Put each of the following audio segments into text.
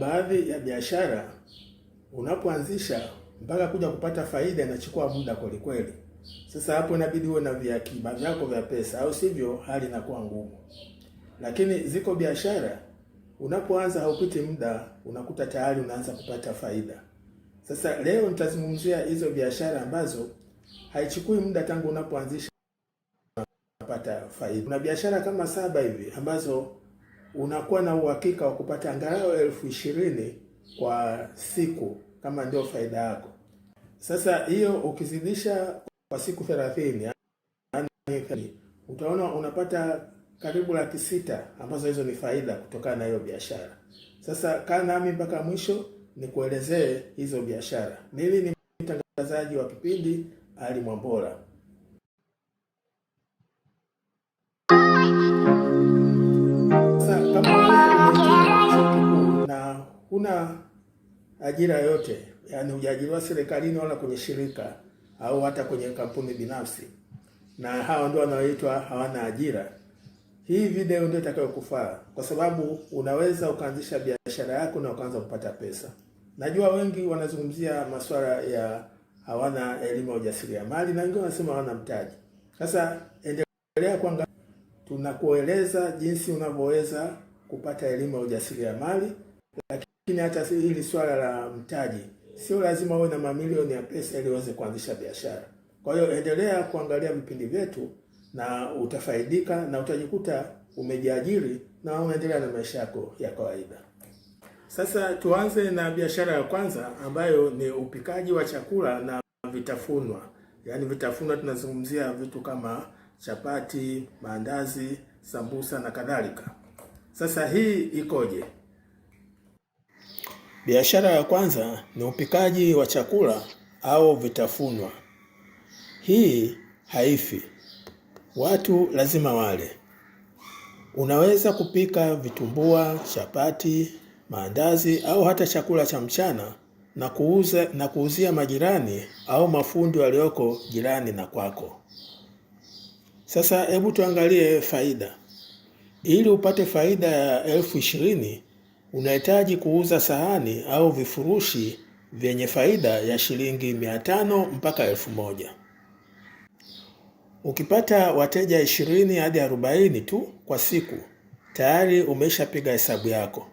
baadhi ya biashara unapoanzisha mpaka kuja kupata faida inachukua muda kweli kweli. Sasa hapo inabidi uwe na viakiba vyako vya pesa, au sivyo hali inakuwa ngumu. Lakini ziko biashara unapoanza haupiti muda unakuta tayari unaanza kupata faida. Sasa leo nitazungumzia hizo biashara ambazo haichukui muda tangu unapoanzisha unapata faida. Kuna biashara kama saba hivi ambazo unakuwa na uhakika wa kupata angalau elfu ishirini kwa siku kama ndio faida yako. Sasa hiyo ukizidisha kwa siku thelathini yaani utaona unapata karibu laki sita ambazo hizo ni faida kutokana na hiyo biashara. Sasa kaa nami mpaka mwisho nikuelezee hizo biashara. Mimi ni mtangazaji wa kipindi Ali Mwambola. huna ajira yoyote, yani hujaajiriwa serikalini wala kwenye shirika au hata kwenye kampuni binafsi, na hawa ndio wanaoitwa hawana ajira. Hii video ndio itakayokufaa kwa sababu unaweza ukaanzisha biashara yako na ukaanza kupata pesa. Najua wengi wanazungumzia masuala ya hawana elimu ya ujasiriamali na wengine wanasema hawana mtaji. Sasa endelea kuangalia, tunakueleza jinsi unavyoweza kupata elimu ya ujasiriamali, lakini lakini hata hili swala la mtaji, sio lazima uwe na mamilioni ya pesa ili uweze kuanzisha biashara. Kwa hiyo endelea kuangalia vipindi vyetu na utafaidika na utajikuta umejiajiri na unaendelea na maisha yako ya kawaida. Sasa tuanze na biashara ya kwanza ambayo ni upikaji wa chakula na vitafunwa, yaani vitafunwa tunazungumzia vitu kama chapati, maandazi, sambusa na kadhalika. Sasa hii ikoje? Biashara ya kwanza ni upikaji wa chakula au vitafunwa. Hii haifi, watu lazima wale. Unaweza kupika vitumbua, chapati, maandazi au hata chakula cha mchana na kuuza, na kuuzia majirani au mafundi walioko jirani na kwako. Sasa hebu tuangalie faida. Ili upate faida ya elfu ishirini unahitaji kuuza sahani au vifurushi vyenye faida ya shilingi 500 mpaka elfu moja. Ukipata wateja ishirini hadi 40 tu kwa siku tayari umeshapiga hesabu yako.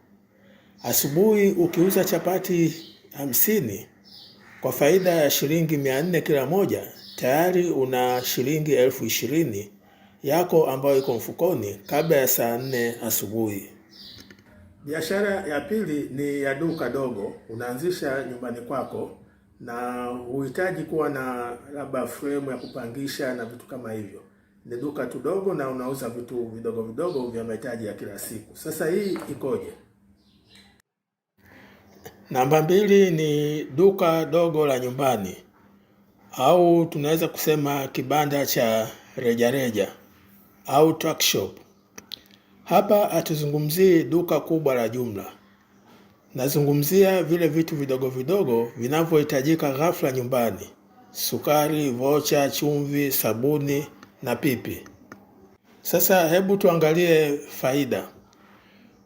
Asubuhi ukiuza chapati hamsini kwa faida ya shilingi 400 kila moja tayari una shilingi elfu ishirini yako ambayo iko mfukoni kabla ya saa 4 asubuhi. Biashara ya pili ni ya duka dogo, unaanzisha nyumbani kwako na uhitaji kuwa na labda fremu ya kupangisha na vitu kama hivyo. Ni duka tu dogo na unauza vitu vidogo vidogo vya mahitaji ya kila siku. Sasa hii ikoje? Namba mbili ni duka dogo la nyumbani au tunaweza kusema kibanda cha rejareja au truck shop. Hapa hatuzungumzii duka kubwa la jumla, nazungumzia vile vitu vidogo vidogo vinavyohitajika ghafla nyumbani: sukari, vocha, chumvi, sabuni na pipi. Sasa hebu tuangalie faida.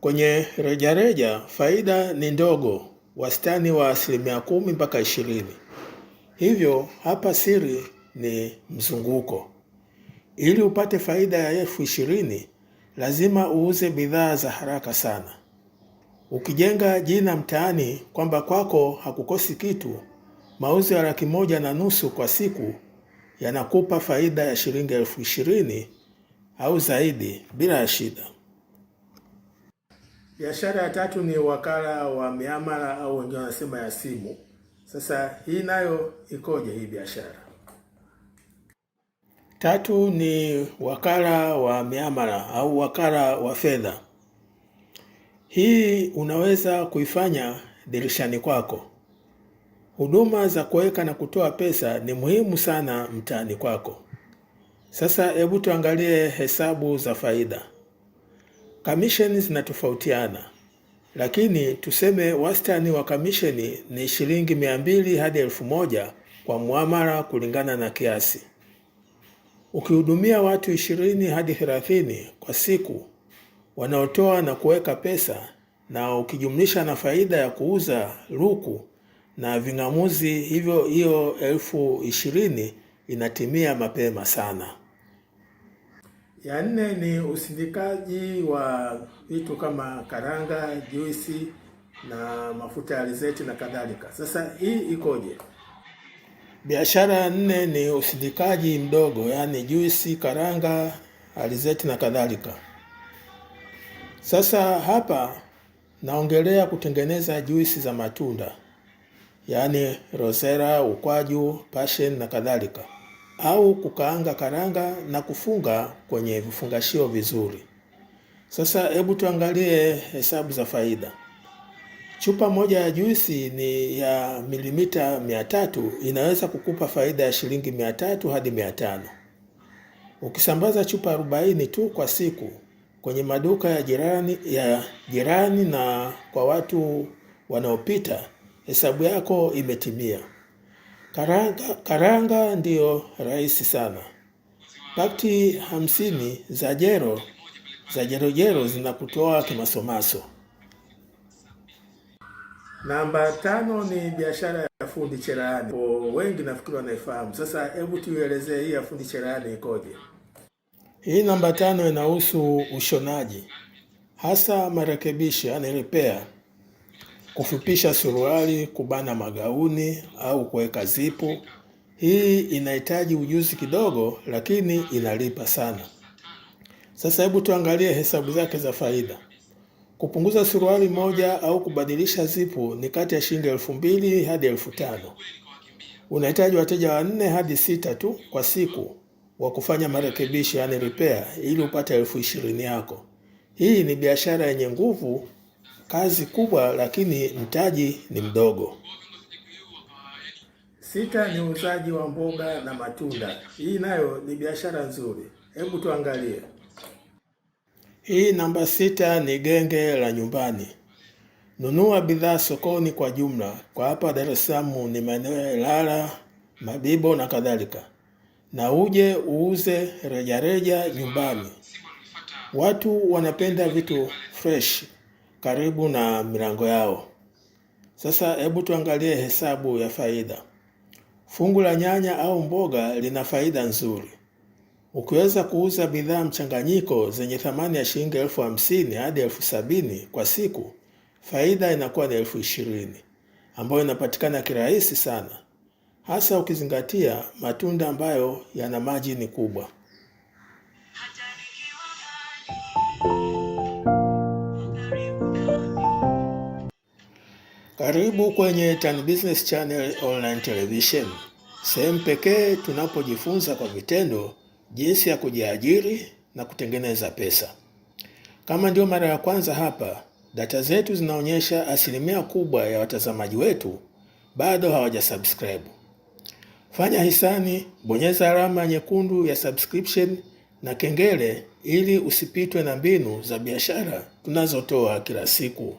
Kwenye rejareja faida ni ndogo, wastani wa asilimia kumi mpaka ishirini. Hivyo hapa siri ni mzunguko. Ili upate faida ya elfu ishirini lazima uuze bidhaa za haraka sana. Ukijenga jina mtaani kwamba kwako hakukosi kitu, mauzo ya laki moja na nusu kwa siku yanakupa faida ya shilingi elfu ishirini au zaidi bila ya shida. Biashara ya tatu ni wakala wa miamala au wengine wanasema ya simu. Sasa hii nayo ikoje hii biashara? Tatu ni wakala wa miamala au wakala wa fedha. Hii unaweza kuifanya dirishani kwako. Huduma za kuweka na kutoa pesa ni muhimu sana mtaani kwako. Sasa hebu tuangalie hesabu za faida. Kamisheni zinatofautiana, lakini tuseme wastani wa kamisheni ni shilingi mia mbili hadi elfu moja kwa muamala kulingana na kiasi. Ukihudumia watu ishirini hadi thelathini kwa siku wanaotoa na kuweka pesa, na ukijumlisha na faida ya kuuza luku na ving'amuzi, hivyo hiyo elfu ishirini inatimia mapema sana. Ya nne ni usindikaji wa vitu kama karanga, juisi na mafuta ya alizeti na kadhalika. Sasa hii ikoje? Biashara ya nne ni usindikaji mdogo, yaani juisi, karanga, alizeti na kadhalika. Sasa hapa naongelea kutengeneza juisi za matunda, yaani rosera, ukwaju, passion na kadhalika, au kukaanga karanga na kufunga kwenye vifungashio vizuri. Sasa hebu tuangalie hesabu za faida. Chupa moja ya juisi ni ya milimita mia tatu inaweza kukupa faida ya shilingi mia tatu hadi mia tano ukisambaza chupa arobaini tu kwa siku kwenye maduka ya jirani ya jirani na kwa watu wanaopita, hesabu yako imetimia. Karanga, karanga ndiyo rahisi sana. Pakti hamsini za jero za jerojero zinakutoa kimasomaso. Namba tano ni biashara ya fundi cherehani. Wengi nafikiri wanaifahamu. Sasa hebu tuielezee hii ya fundi cherehani ikoje? Hii namba tano inahusu ushonaji, hasa marekebisho, yani repair, kufupisha suruali, kubana magauni au kuweka zipu. Hii inahitaji ujuzi kidogo, lakini inalipa sana. Sasa hebu tuangalie hesabu zake za faida. Kupunguza suruali moja au kubadilisha zipu ni kati ya shilingi elfu mbili hadi elfu tano. Unahitaji wateja wanne hadi sita tu kwa siku wa kufanya marekebisho, yani repair, ili upate elfu ishirini yako. Hii ni biashara yenye nguvu, kazi kubwa, lakini mtaji ni mdogo. Sita ni uuzaji wa mboga na matunda. Hii nayo ni biashara nzuri. Hebu tuangalie. Hii namba sita ni genge la nyumbani. Nunua bidhaa sokoni kwa jumla. Kwa hapa Dar es Salaam ni maeneo ya Ilala, Mabibo na kadhalika, na uje uuze rejareja nyumbani. Watu wanapenda vitu fresh karibu na milango yao. Sasa hebu tuangalie hesabu ya faida. Fungu la nyanya au mboga lina faida nzuri ukiweza kuuza bidhaa mchanganyiko zenye thamani ya shilingi elfu hamsini hadi elfu sabini kwa siku, faida inakuwa ni elfu ishirini ambayo inapatikana kirahisi sana, hasa ukizingatia matunda ambayo yana majini kubwa. Karibu kwenye Tan Business Channel Online Television, sehemu pekee tunapojifunza kwa vitendo jinsi ya kujiajiri na kutengeneza pesa. Kama ndio mara ya kwanza hapa, data zetu zinaonyesha asilimia kubwa ya watazamaji wetu bado hawajasubscribe. Fanya hisani, bonyeza alama nyekundu ya subscription na kengele ili usipitwe na mbinu za biashara tunazotoa kila siku.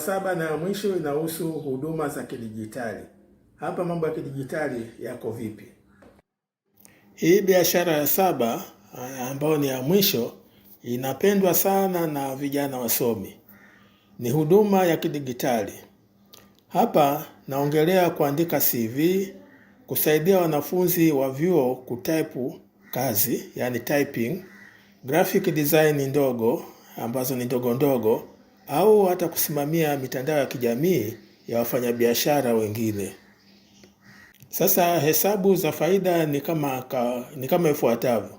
saba na ya mwisho inahusu huduma za kidijitali. Hapa mambo ya kidijitali yako vipi? Hii biashara ya saba eh, ambayo ni ya mwisho inapendwa sana na vijana wasomi, ni huduma ya kidijitali. Hapa naongelea kuandika CV, kusaidia wanafunzi wa vyuo kutaipu kazi, yani typing, graphic design ndogo ambazo ni ndogo ndogo au hata kusimamia mitandao ya kijamii ya wafanyabiashara wengine. Sasa hesabu za faida ni kama, ka, ni kama ifuatavyo.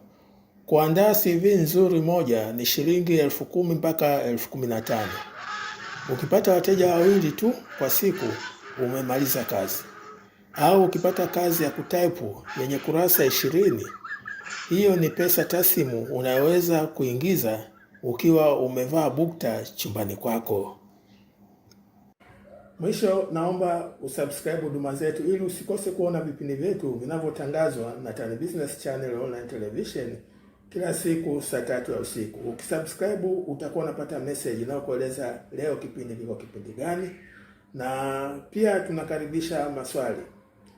Kuandaa CV nzuri moja ni shilingi elfu kumi mpaka elfu kumi na tano. Ukipata wateja wawili tu kwa siku umemaliza kazi, au ukipata kazi ya kutaipu yenye kurasa ishirini, hiyo ni pesa tasimu unayoweza kuingiza ukiwa umevaa bukta chumbani kwako. Mwisho, naomba usubscribe huduma zetu ili usikose kuona vipindi vyetu vinavyotangazwa na Tan Business Channel Online Television kila siku saa tatu ya usiku. Ukisubscribe utakuwa unapata message inayokueleza leo kipindi kiko kipindi gani, na pia tunakaribisha maswali.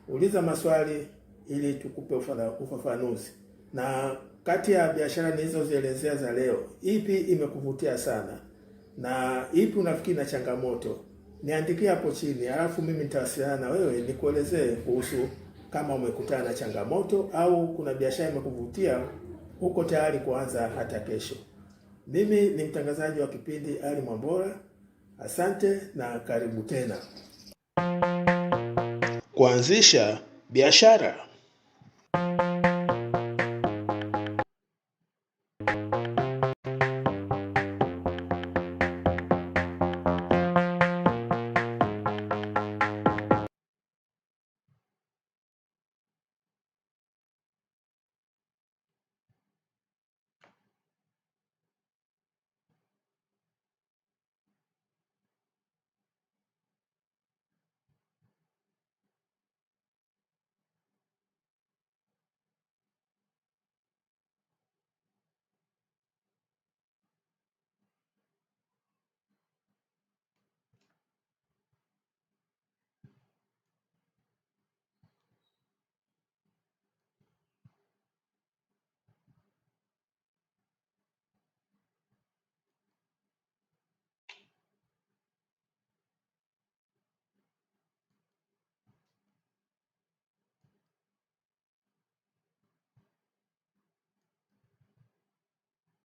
Uliza maswali ili tukupe ufafanuzi na kati ya biashara nilizozielezea za leo, ipi imekuvutia sana na ipi unafikiri na changamoto? Niandikie hapo chini, alafu mimi nitawasiliana na wewe nikuelezee kuhusu kama umekutana na changamoto au kuna biashara imekuvutia huko tayari kuanza hata kesho. Mimi ni mtangazaji wa kipindi Ali Mwambola. Asante na karibu tena. Kuanzisha biashara you